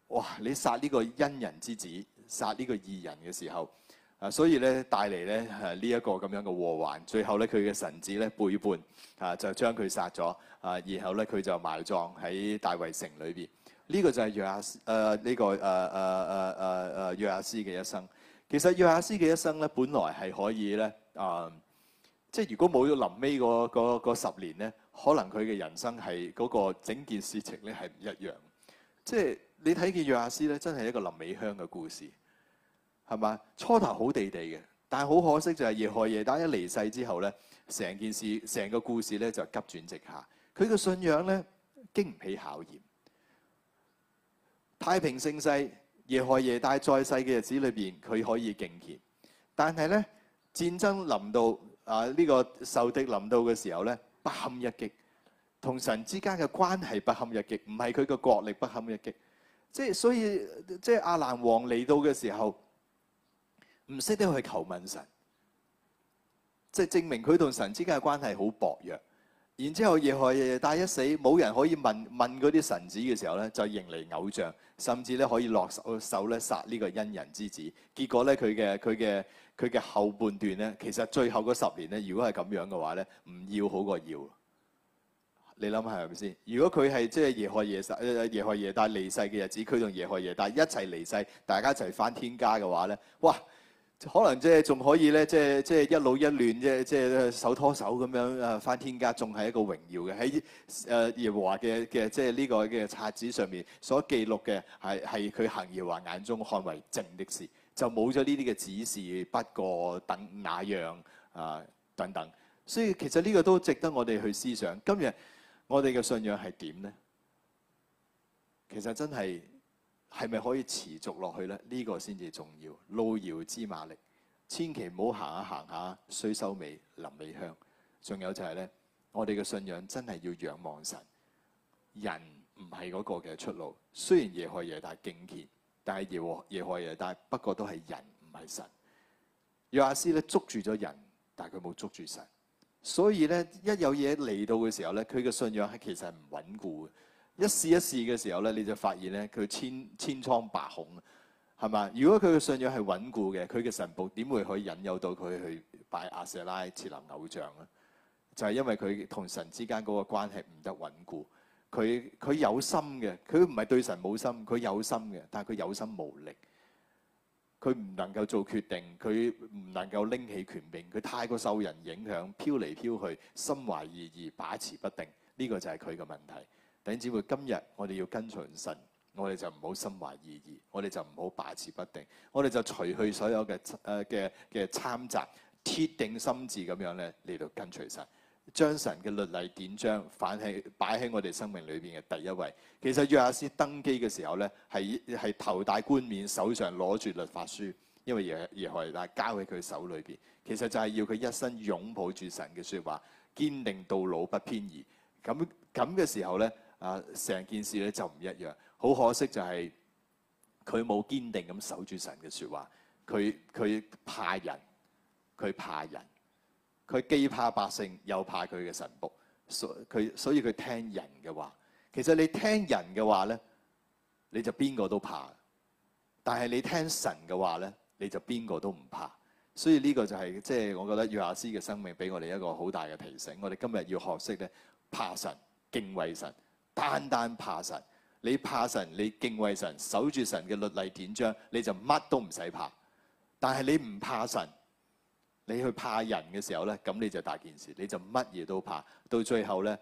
哇！你殺呢個恩人之子，殺呢個義人嘅時候。啊，所以咧帶嚟咧誒呢一個咁樣嘅禍患，最後咧佢嘅臣子咧背叛他了，啊就將佢殺咗，啊然後咧佢就埋葬喺大衛城裏邊。呢、這個就係約亞斯誒呢、uh, 這個誒誒誒誒誒約亞斯嘅一生。其實約亞斯嘅一生咧，本來係可以咧啊，即、uh, 係如果冇咗臨尾嗰十年咧，可能佢嘅人生係嗰個整件事情咧係唔一樣。即係你睇見約亞斯咧，真係一個臨尾香嘅故事。係嘛？初頭好地地嘅，但係好可惜就係耶何耶大一離世之後咧，成件事成個故事咧就急轉直下。佢嘅信仰咧經唔起考驗。太平盛世，耶何耶大在世嘅日子裏邊，佢可以敬虔，但係咧戰爭臨到啊，呢個受敵臨到嘅時候咧不堪一擊，同神之間嘅關係不堪一擊，唔係佢個國力不堪一擊。即係所以即係阿蘭王嚟到嘅時候。唔識得去求問神，即係證明佢同神之間嘅關係好薄弱。然之後，耶何耶大一死，冇人可以問問嗰啲神子嘅時候咧，就迎嚟偶像，甚至咧可以落手手咧殺呢個恩人之子。結果咧，佢嘅佢嘅佢嘅後半段咧，其實最後嗰十年咧，如果係咁樣嘅話咧，唔要好過要。你諗下係咪先？如果佢係即係耶何耶，耶，耶大離世嘅日子，佢同耶何耶大一齊離世，大家一齊翻天家嘅話咧，哇！可能即係仲可以咧，即係即係一老一嫩，即係即係手拖手咁樣啊，返天家仲係一個榮耀嘅喺誒耶和華嘅嘅即係呢個嘅冊子上面所記錄嘅係係佢行耶和華眼中看為正的事，就冇咗呢啲嘅指示，不過等哪樣啊等等，所以其實呢個都值得我哋去思想。今日我哋嘅信仰係點咧？其實真係。係咪可以持續落去咧？呢、這個先至重要。路遙知馬力，千祈唔好行下行下，水收尾臨尾香。仲有就係、是、咧，我哋嘅信仰真係要仰望神。人唔係嗰個嘅出路。雖然耶何耶大敬虔，但係耶、耶何耶大，但係不過都係人唔係神。約阿施咧捉住咗人，但係佢冇捉住神。所以咧，一有嘢嚟到嘅時候咧，佢嘅信仰係其實係唔穩固嘅。一試一試嘅時候咧，你就發現咧，佢千千瘡百孔，係嘛？如果佢嘅信仰係穩固嘅，佢嘅神僕點會可以引誘到佢去拜亞舍拉設立偶像咧？就係、是、因為佢同神之間嗰個關係唔得穩固，佢佢有心嘅，佢唔係對神冇心，佢有心嘅，但係佢有心無力，佢唔能夠做決定，佢唔能夠拎起權柄，佢太過受人影響，飄嚟飄去，心懷二意，把持不定，呢、這個就係佢嘅問題。弟兄姊妹，今日我哋要跟隨神，我哋就唔好心懷二意，我哋就唔好把持不定，我哋就除去所有嘅誒嘅嘅摻雜，鐵定心志咁樣咧嚟到跟隨神，將神嘅律例典章放喺擺喺我哋生命裏邊嘅第一位。其實約亞斯登基嘅時候咧，係係頭戴冠冕，手上攞住律法書，因為耶耶和華交喺佢手裏邊。其實就係要佢一生擁抱住神嘅説話，堅定到老不偏移。咁咁嘅時候咧。啊！成件事咧就唔一樣。好可惜就係佢冇堅定咁守住神嘅説話。佢佢怕人，佢怕人，佢既怕百姓又怕佢嘅神僕。所佢所以佢聽人嘅話。其實你聽人嘅話咧，你就邊個都怕。但係你聽神嘅話咧，你就邊個都唔怕。所以呢個就係即係我覺得約阿斯嘅生命俾我哋一個好大嘅提醒。我哋今日要學識咧怕神、敬畏神。單單怕神，你怕神，你敬畏神，守住神嘅律例典章，你就乜都唔使怕。但係你唔怕神，你去怕人嘅時候呢，咁你就大件事，你就乜嘢都怕，到最後呢，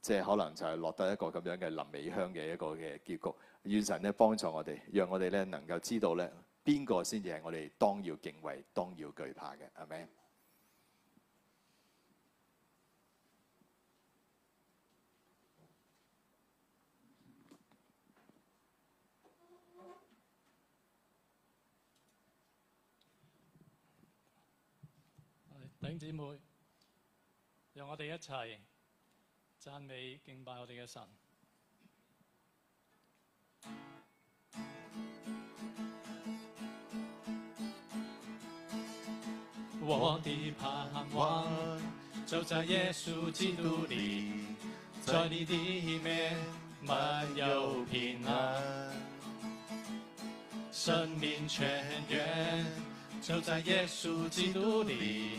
即係可能就係落得一個咁樣嘅臨尾香嘅一個嘅結局。願神咧幫助我哋，讓我哋咧能夠知道咧邊個先至係我哋當要敬畏、當要懼怕嘅，係咪？弟兄姊妹，讓我哋一齊讚美敬拜我哋嘅神。我的盼望就在耶穌基督裏，在你裏面滿有平安，生命泉源就在耶穌基督裏。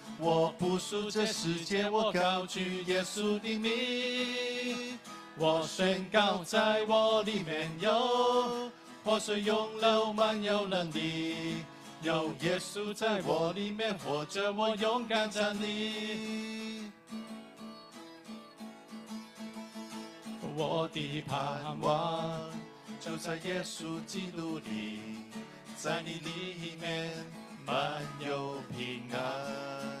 我不屬這世界，我高舉耶穌的名。我宣告，在我裏面有活水湧流，滿有能力。有耶穌在我裏面活着，我勇敢站立。我的盼望就在耶穌基督裏，在你裏面滿有平安。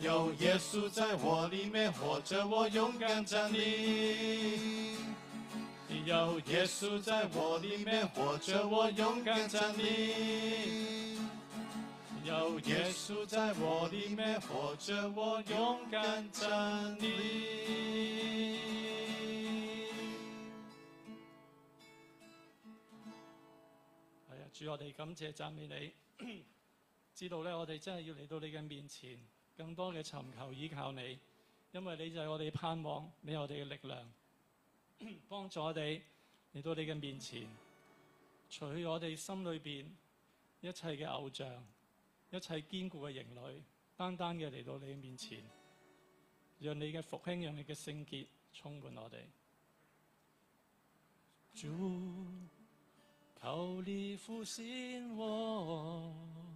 有耶穌在我裏面活着，我勇敢站立。有耶穌在我裏面活着，我勇敢站立。有耶穌在我裏面活着，我勇敢站立。係、哎、呀，主，我哋感謝讚美你， 知道呢，我哋真係要嚟到你嘅面前。更多嘅尋求倚靠你，因為你就係我哋盼望，你係我哋嘅力量，幫助我哋嚟到你嘅面前，除我哋心裏邊一切嘅偶像，一切堅固嘅營壘，單單嘅嚟到你嘅面前，讓你嘅復興，讓你嘅聖潔充滿我哋。主，求你復興我。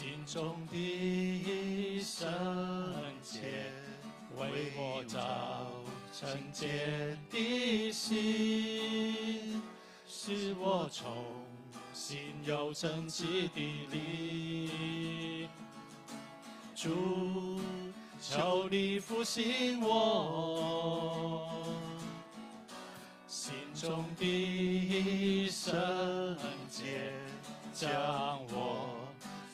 心中的聖潔，為我造清潔的心，使我重新有正直的靈。主，求你復興我心中的聖潔，將我。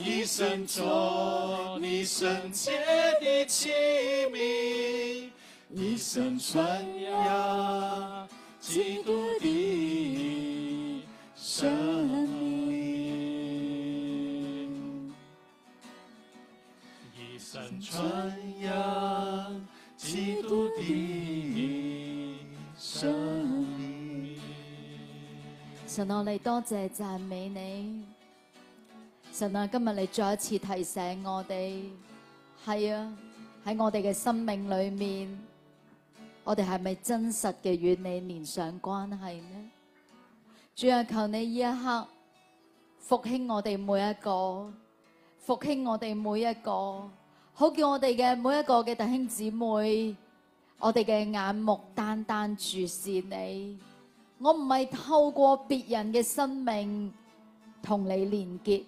一生做你聖潔的器皿；一生傳揚基督的聲音，一生傳揚基督的生命。神，神神我嚟多謝讚美你。神啊，今日你再一次提醒我哋，係啊，喺我哋嘅生命裏面，我哋係咪真實嘅與你連上關係呢？主要求你呢一刻復興我哋每一個，復興我哋每一個，好叫我哋嘅每一個嘅弟兄姊妹，我哋嘅眼目單單注視你。我唔係透過別人嘅生命同你連結。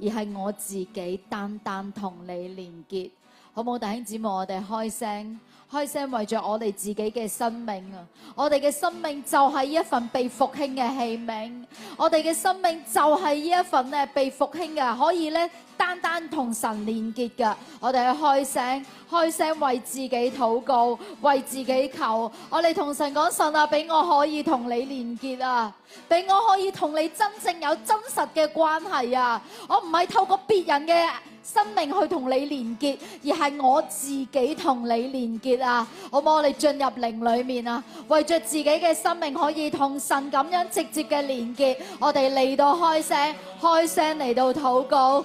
而係我自己單單同你連結，好唔好？弟兄姊妹，我哋開聲開聲為著我哋自己嘅生命啊！我哋嘅生命就係呢一份被復興嘅器皿，我哋嘅生命就係呢一份咧被復興嘅，可以咧單單同神連結嘅。我哋去開聲，開聲為自己禱告，為自己求。我哋同神講：神啊，俾我可以同你連結啊，俾我可以同你真正有真實嘅關係啊！我唔係透過別人嘅生命去同你連結，而係我自己同你連結。嗱，好冇？我哋進入靈裏面啊，為着自己嘅生命可以同神咁樣直接嘅連結，我哋嚟到開聲，開聲嚟到禱告。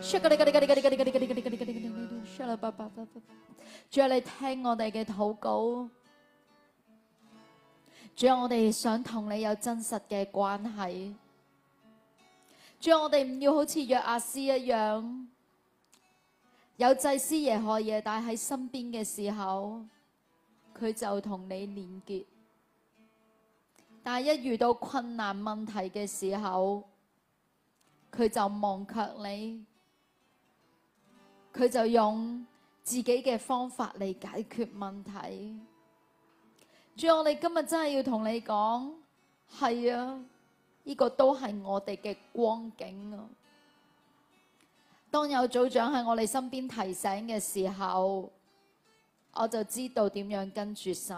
仲有你聽我哋嘅禱告，仲有我哋想同你有真實嘅關係，仲有我哋唔要好似約阿施一樣，有祭司耶何耶大帶喺身邊嘅時候，佢就同你連結，但係一遇到困難問題嘅時候，佢就忘卻你。佢就用自己嘅方法嚟解決問題。主我們，我哋今日真係要同你講，係啊，呢、這個都係我哋嘅光景啊！當有組長喺我哋身邊提醒嘅時候，我就知道點樣跟住神；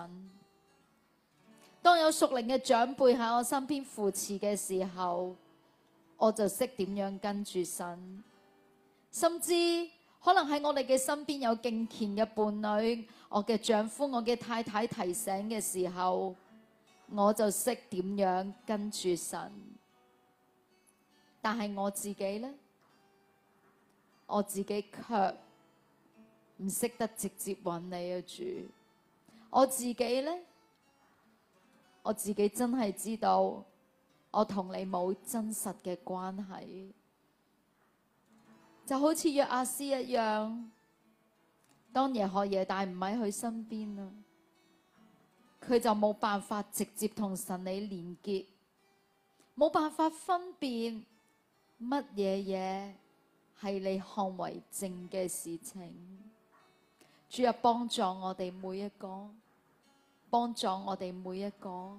當有屬靈嘅長輩喺我身邊扶持嘅時候，我就識點樣跟住神，甚至……可能喺我哋嘅身邊有敬虔嘅伴侶，我嘅丈夫、我嘅太太提醒嘅時候，我就識點樣跟住神。但係我自己呢，我自己卻唔識得直接揾你啊主。我自己呢，我自己真係知道，我同你冇真實嘅關係。就好似約阿斯一樣，當耶和華但唔喺佢身邊啊，佢就冇辦法直接同神理連結，冇辦法分辨乜嘢嘢係你看為正嘅事情。主要幫助我哋每一個，幫助我哋每一個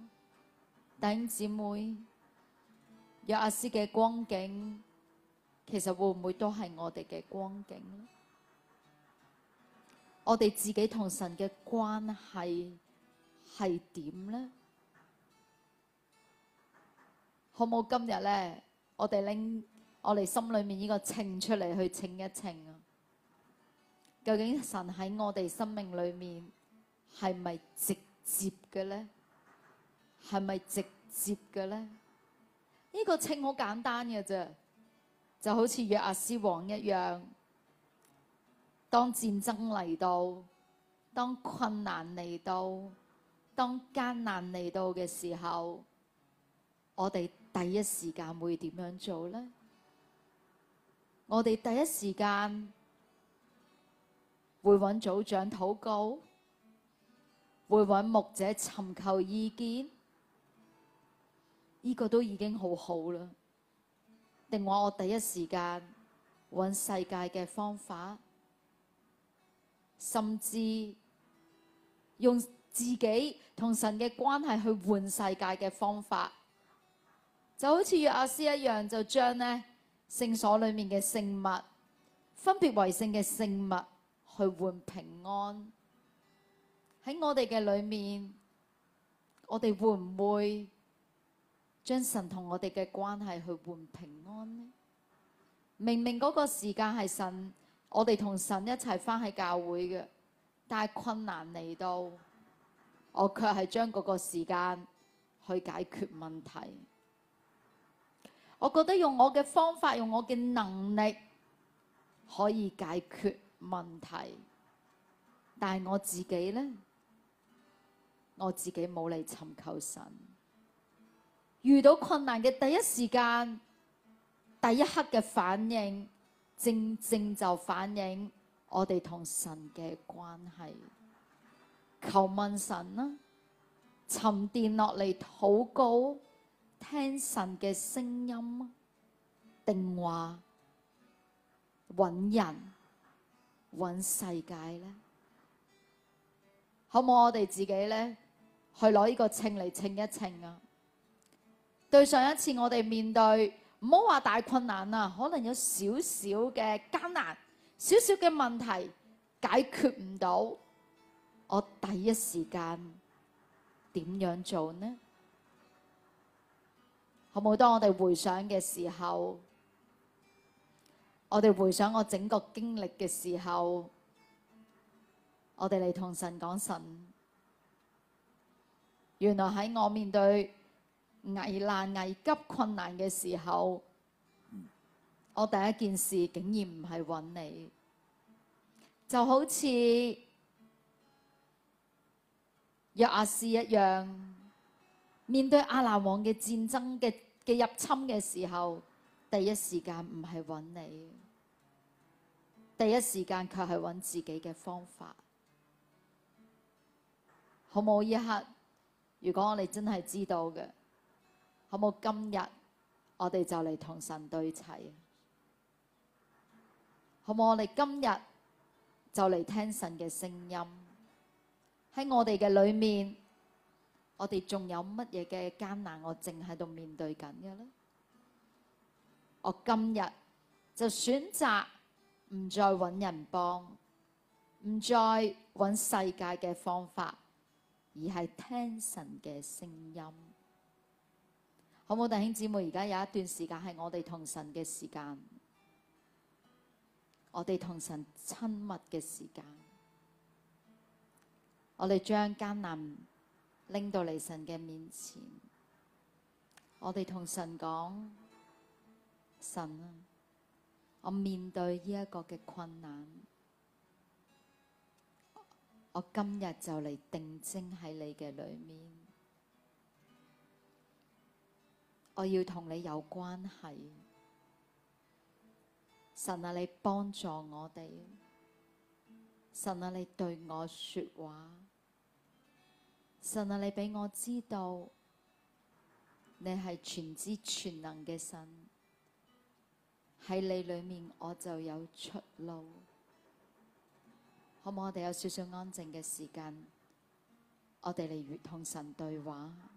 弟兄姊妹，約阿斯嘅光景。其實會唔會都係我哋嘅光景呢？我哋自己同神嘅關係係點呢？好冇，今日呢，我哋拎我哋心裏面呢個稱出嚟去稱一稱啊！究竟神喺我哋生命裏面係咪直接嘅呢？係咪直接嘅呢？呢個稱好簡單嘅啫。就好似約阿斯王一樣，當戰爭嚟到，當困難嚟到，當艱難嚟到嘅時候，我哋第一時間會點樣做呢？我哋第一時間會揾組長禱告，會揾牧者尋求意見，呢個都已經好好啦。定話我第一時間揾世界嘅方法，甚至用自己同神嘅關係去換世界嘅方法，就好似約阿斯一樣，就將咧聖所裏面嘅聖物分別為聖嘅聖物去換平安。喺我哋嘅裏面，我哋會唔會將神同我哋嘅關係去換平安？明明嗰個時間係神，我哋同神一齊翻去教會嘅，但係困難嚟到，我卻係將嗰個時間去解決問題。我覺得用我嘅方法，用我嘅能力可以解決問題，但係我自己呢，我自己冇嚟尋求神。遇到困難嘅第一時間。第一刻嘅反應，正正就反映我哋同神嘅關係。求問神啦、啊，沉澱落嚟禱告，聽神嘅聲音、啊，定話揾人揾世界咧？好唔好我哋自己咧，去攞呢個稱嚟稱一稱啊？對上一次我哋面對。唔好話大困難啊，可能有少少嘅艱難，少少嘅問題解決唔到，我第一時間點樣做呢？好唔好？當我哋回想嘅時候，我哋回想我整個經歷嘅時候，我哋嚟同神講，神，原來喺我面對。危難、危急、困難嘅時候，我第一件事竟然唔係揾你，就好似約阿施一樣，面對阿蘭王嘅戰爭嘅嘅入侵嘅時候，第一時間唔係揾你，第一時間卻係揾自己嘅方法，好冇？呢一刻，如果我哋真係知道嘅。好冇？今日我哋就嚟同神對齊啊，好冇？我哋今日就嚟聽神嘅聲音。喺我哋嘅裏面，我哋仲有乜嘢嘅艱難？我我正喺度面對緊嘅呢？我今日就選擇唔再揾人幫，唔再揾世界嘅方法，而係聽神嘅聲音。好冇，弟兄姊妹，而家有一段時間係我哋同神嘅時間，我哋同神親密嘅時間，我哋將艱難拎到嚟神嘅面前，我哋同神講，神啊，我面對呢一個嘅困難，我，我今日就嚟定睛喺你嘅裏面。我要同你有關係，神啊，你幫助我哋，神啊，你對我說話，神啊，你畀我知道，你係全知全能嘅神，喺你裏面我就有出路，可唔可以我哋有少少安靜嘅時間，我哋嚟與同神對話。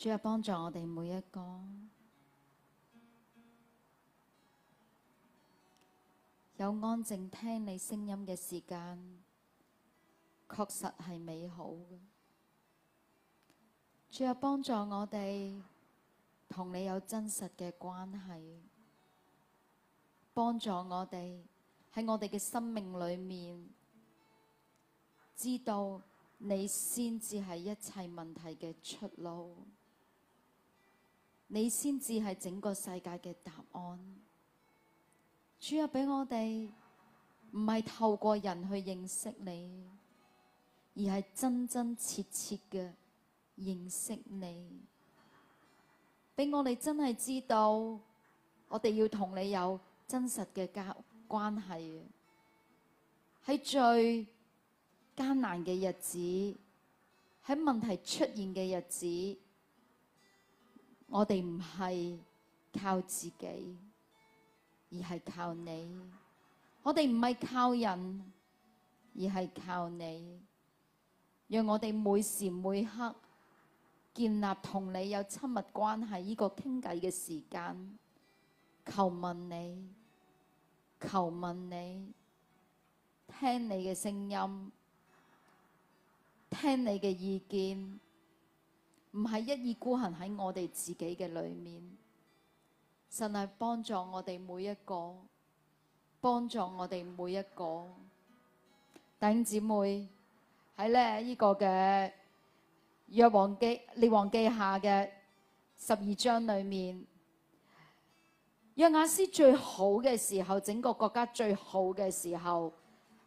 主要幫助我哋每一個有安靜聽你聲音嘅時間，確實係美好。主要幫助我哋同你有真實嘅關係，幫助我哋喺我哋嘅生命裏面知道你先至係一切問題嘅出路。你先至係整個世界嘅答案。主要俾我哋，唔係透過人去認識你，而係真真切切嘅認識你。俾我哋真係知道，我哋要同你有真實嘅交關係。喺最艱難嘅日子，喺問題出現嘅日子。我哋唔係靠自己，而係靠你；我哋唔係靠人，而係靠你。讓我哋每時每刻建立同你有親密關係，呢個傾偈嘅時間，求問你，求問你，聽你嘅聲音，聽你嘅意見。唔係一意孤行喺我哋自己嘅裏面，神係幫助我哋每一個，幫助我哋每一個弟兄姊妹喺咧呢個嘅約王記列王記下嘅十二章裏面，約雅斯最好嘅時候，整個國家最好嘅時候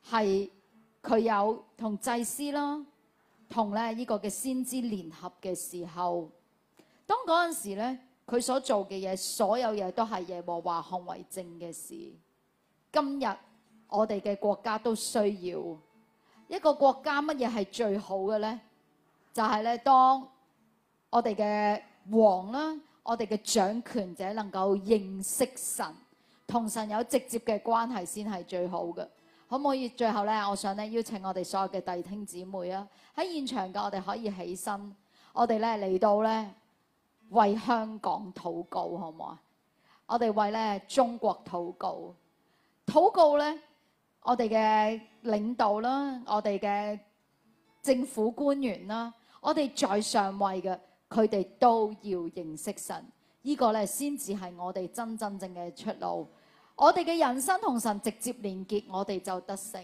係佢有同祭司啦。同咧呢個嘅先知聯合嘅時候，當嗰陣時咧，佢所做嘅嘢，所有嘢都係耶和華看為正嘅事。今日我哋嘅國家都需要一個國家，乜嘢係最好嘅咧？就係咧，當我哋嘅王啦，我哋嘅掌權者能夠認識神，同神有直接嘅關係，先係最好嘅。可唔可以最後咧？我想咧邀請我哋所有嘅弟兄姊妹啊，喺現場嘅我哋可以起身，我哋咧嚟到咧為香港禱告，好唔好啊？我哋為咧中國禱告。禱告咧，我哋嘅領導啦，我哋嘅政府官員啦，我哋在上位嘅，佢哋都要認識神。呢個咧先至係我哋真真正嘅出路。我哋嘅人生同神直接連結，我哋就得勝；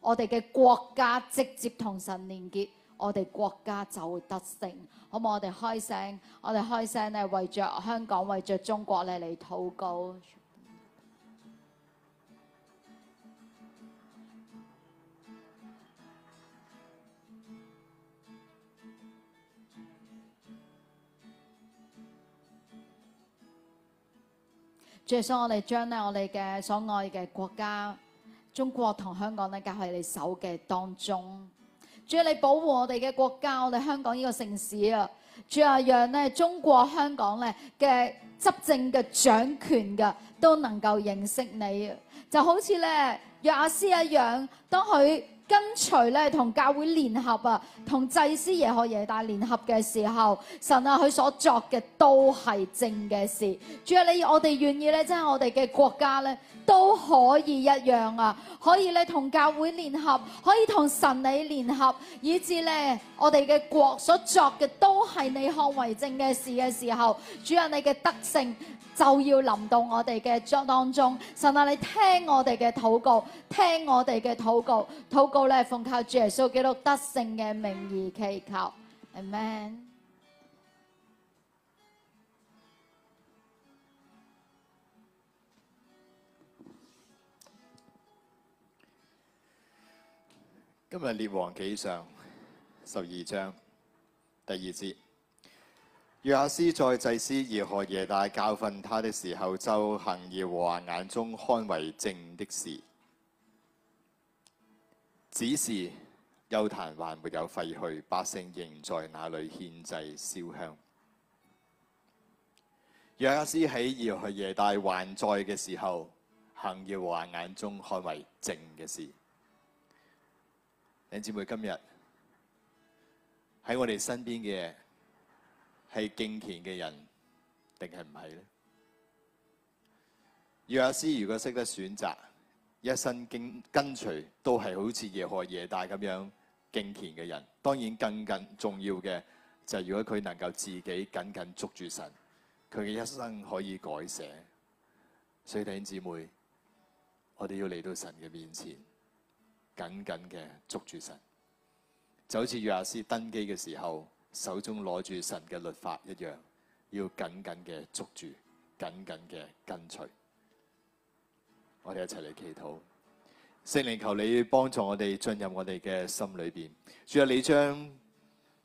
我哋嘅國家直接同神連結，我哋國家就得勝。好唔好？我哋開聲，我哋開聲咧，為着香港，為着中國咧嚟禱告。主要想我哋將我哋嘅所愛嘅國家，中國同香港呢——交喺你手嘅當中，主要你保護我哋嘅國家，我哋香港呢個城市啊，主要係讓中國香港的嘅執政嘅掌權嘅都能夠認識你，就好似呢，約阿施一樣，當佢。跟隨咧，同教會聯合啊，同祭司耶何耶大聯合嘅時候，神啊，佢所作嘅都係正嘅事。只要你我哋願意呢，即係我哋嘅國家呢，都可以一樣啊！可以咧同教會聯合，可以同神你聯合，以至咧我哋嘅國所作嘅都係你看為正嘅事嘅時候，主啊，你嘅德性就要臨到我哋嘅將當中。神啊，你聽我哋嘅禱告，聽我哋嘅禱告，禱告咧奉靠耶穌基督德性嘅名義祈求，阿門。今日列王紀上十二章第二節，約阿斯在祭司耶何耶大教訓他的時候，就行耶和華眼中看為正的事，只是邱壇還沒有廢去，百姓仍在那裏獻祭燒香。約阿斯喺耶何耶大還在嘅時候，行耶和華眼中看為正嘅事。弟兄姊妹，今日喺我哋身邊嘅係敬虔嘅人，定係唔係咧？約阿斯如果識得選擇，一生跟跟隨都係好似耶何耶大咁樣敬虔嘅人。當然，更更重要嘅就係如果佢能夠自己緊緊捉住神，佢嘅一生可以改寫。所以，弟兄姊妹，我哋要嚟到神嘅面前。緊緊嘅捉住神，就好似約阿斯登基嘅時候，手中攞住神嘅律法一樣，要緊緊嘅捉住，緊緊嘅跟隨。我哋一齊嚟祈禱，聖靈求你幫助我哋進入我哋嘅心裏邊，主啊，你將。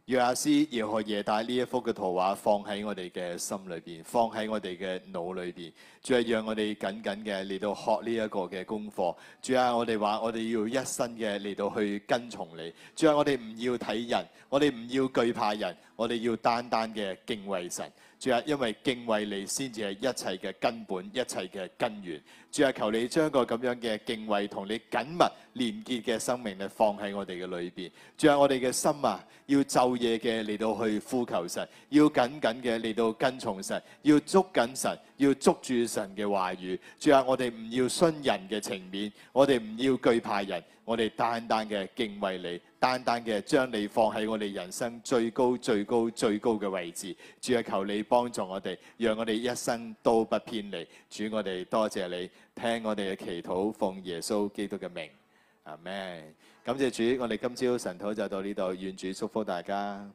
約亞斯和耶和夜帶呢一幅嘅圖畫放喺我哋嘅心裏面，放喺我哋嘅腦裏面。主係讓我哋緊緊嘅嚟到學呢一個嘅功課。主啊，我哋話我哋要一生嘅嚟到去跟從你。主啊，我哋唔要睇人，我哋唔要懼怕人，我哋要單單嘅敬畏神。主啊，因為敬畏你先至係一切嘅根本、一切嘅根源。主啊，求你將個咁樣嘅敬畏同你緊密連結嘅生命咧，放喺我哋嘅裏邊。主啊，我哋嘅心啊，要晝夜嘅嚟到去呼求神，要緊緊嘅嚟到跟從神，要捉緊神，要捉住神嘅話語。仲有，我哋唔要徇人嘅情面，我哋唔要懼怕人，我哋單單嘅敬畏你。單單嘅將你放喺我哋人生最高、最高、最高嘅位置，主啊，求你幫助我哋，讓我哋一生都不偏離，主，我哋多謝你，聽我哋嘅祈禱，奉耶穌基督嘅名，阿門。感謝主，我哋今朝晨禱就到呢度，願主祝福大家。